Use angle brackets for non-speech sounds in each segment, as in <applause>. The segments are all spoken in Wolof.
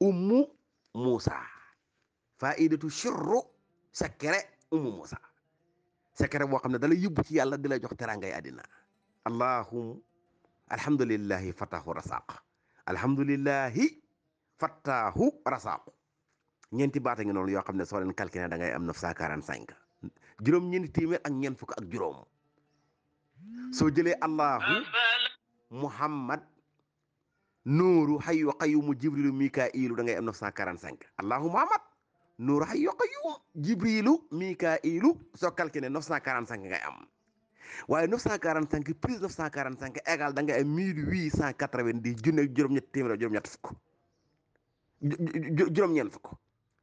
ummu Moussa faidatu sirru secret ummu Moussa secret boo xam ne dala yóbbu ci yàlla di la jox terangay àddina allahum alhamdulillahi fatahu rasaq alhamdulillahi fatahu rasaqu ñeenti baata ngi noonu yoo xam ne soo leen calculé da ngay am 945 juróom ñeenti téeméer ak ñeent fukk ak juróom soo jëlee allahu muhammad nuuru yu qayumu jibrilu mikailu da ngay am 945 allahu muhammad nuuru xayu qayum jibrilu mikailu soo calculé 945 ngay am waaye 945 plus 945 égal da ngay am 1890 junne ak juróom-ñett téeméer ak juróom-ñett fukk juróom-ñeent fukk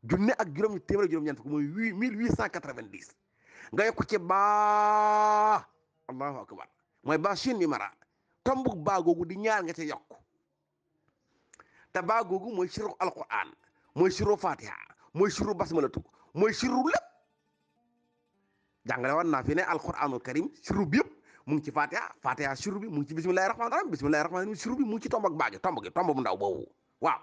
junne ak juróom-ñett téeméer ak juróom-ñeent fukk mooy 1890 nga yokk ci baa allahu akbar mooy baa shin ni mara tombuk baa googu di ñaar nga ca yokk te baa googu mooy siru alquran moy siru fatiha mooy siru basmalatu moy siru lepp jangale won na fi ne alquranul karim siru bepp mu ngi ci fatiha fatiha siru bi mu ngi ci bismillahir rahmanir rahim bismillahir rahmanir rahim siru bi mu ngi ci tombak baaje baajo tomb gi tomb bu ndaw bobu waaw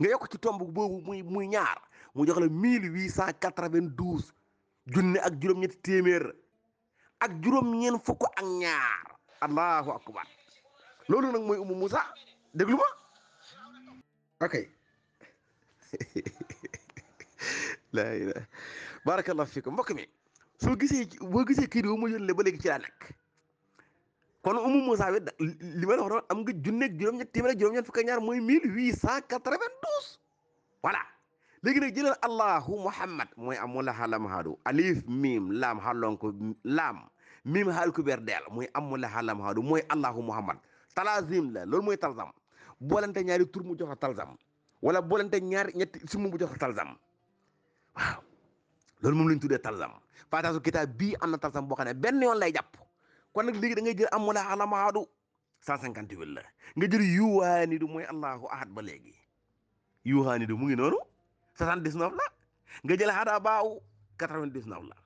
nga yok ci tomb bobu muy muy ñaar mu jox la 1892 jooni ak juroom ñetti témèr ak juroom ñen fukk ak ñaar allahu akbar lolu nak moy ummu musa degluma اوكي لا لا بارك الله fiikum mbokk mi soo gisee boo gisee kii bi mu jëlee ba léegi ci laa nekk kon umu Moussa bi li ma la wax am nga junneeg juróom-ñett téeméer ak juróom-ñett fukk ak ñaar mooy mille huit cent quatre-vingt-douze voilà léegi nag jëlal allahu muhammad mooy amul la xalam haadu alif miim laam xaloon ko laam miim xaal ku ber deel mooy amul la xalam haadu mooy allahu muhammad talazim la loolu mooy talzam boolente ñaari tur mu jox la talzam wala boolante ñaari ñetti ismu mu jox la talzam waaw loolu moom la ñu tuddee talzam faataasu kitaab bii am na talzam boo xam ne benn yoon lay jàpp kon nag léegi da ngay jël amul alamaadu 158 la nga jël yuwaani du mooy allahu ahad ba léegi yuwaani du mu ngi noonu 79 la nga jël hada baaw 99 la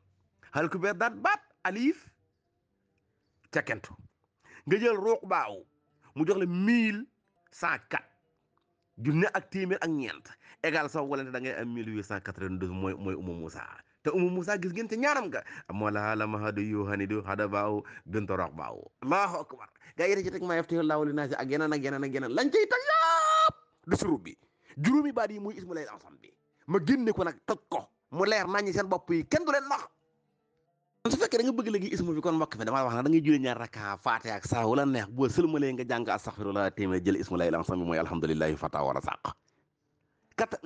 hal ku ber daat baat alif ca kentu nga jël baaw mu jox la cent quatre junne ak téeméer ak ñeent égal soo walante da ngay am mille huit cent quatre-vingt-douze mooy mooy Umu Musa te Umu Musa gis ngeen te ñaanam nga moo ma xaalama hadu yohanidu hada baaw bintu rox baaw allahu akbar gaa yi ci teg ma yaftihu laahu li naasi ak yeneen ak yeneen ak yeneen lañ cay teg yëpp du surub bi juróomi baat yi muy ismu lay ansam bi ma génne ko nag teg ko mu leer naññi seen bopp yi kenn du su fekkee da nga léegi ismu bi kon mbokk mi damaa wax na da ngay ak saa wala neex boo sëlmalee nga jàng astaxfirullah téeméer jël ismu lay lam sami mooy alhamdulilahi fata wala sàq quatre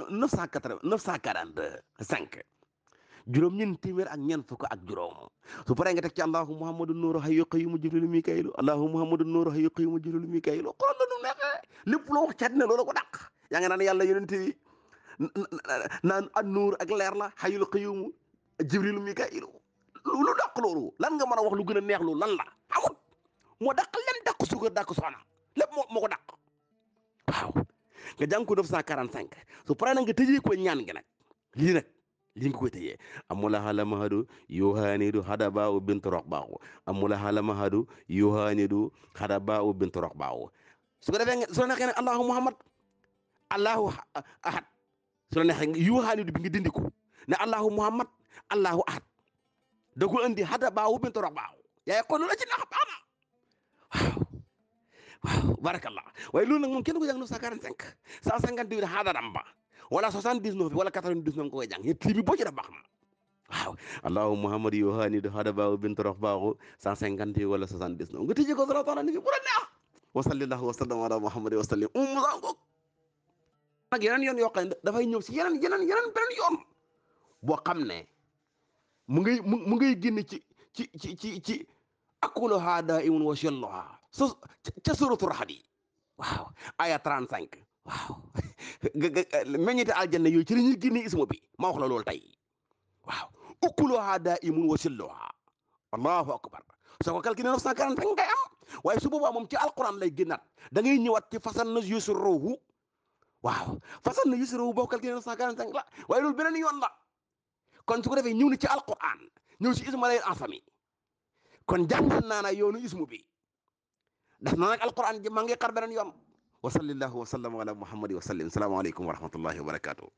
juróom ñeent téeméer ak ñeent fukk ak juróom su paree nga teg ci allahu muhammadu nuuru hayyu qayyumu jibrilu mikaylu allahu muhammadu nuuru loo wax ci àddina loolu ko dàq yàlla yonent bi naan an nuur ak leer la hayyul qayyumu jibrilu mikaylu lu dàq loolu lan nga mën a wax lu gën a neex loolu lan la amut moo dàq len dàq suukar dàq soxna lépp moo moo ko dàq nga jàng ko 945 su paree nag nga tëjee ko ñaan gi nag lii nag lii nga koy tëjee amula halama hadu yohanidu hadabaawu halama hadu yohanidu hadabaawu bintu roxbaawu su ko defee su la neexee nag allahu muhammad allahu ahad su la neexee yohanidu bi nga dindi ko allahu muhammad allahu ahad dagu andi hada ɓaawu binta rox ɓaaw yaay xollu la ci nax baax na waaw waaw barakallah waaye loolu nag moom kenn ku jàng neuf cent quarante cinq cent cinquante huit haadaram ba wala soixante dix neuf bi wala quatre vingt dix neuf nga koy jàng yëpp limi boo ci def baax na waaw allahu muhammad yo haanido hada ɓaawu binta rox ɓaawu cent cinquante huit wala soixante dix neuf nga tijji ko salatu ala nabi bu la neex wa sallallahu wa sallam ala wa sallim um musa ngoog nag yeneen yoon yoo dafay ñëw si yeneen yeneen yeneen xam ne mu ngay mu mu ngay génn ci ci ci ci ci akuluhaa daa'imun wa shilluhaa so ca suratu raxad yi waaw aya 35 waaw <laughs> eh, meññite aljanna yooyu ci la ñuy génne ismu bi ma wax la loolu tey waaw ukuluhaa daa'imun wa shilluhaa allahu akbar soo ko calculé 945 ngay am waaye su boobaa moom ci alquran lay génnaat da ngay ñëwaat ci fasan na yusruhu waaw fasan na yusruhu boo calculé 945 la waaye loolu beneen yoon la kon su ko defee ñëw na ci alquran ñëw si ismu layil en kon jàngal naa na yoonu ismu bi daf na nag alquran ji maa ngi xar beneen yoon wa sallallahu wa sallam ala muhammadi wa sallim salaamaaleykum wa rahmatullahi wa barakatuh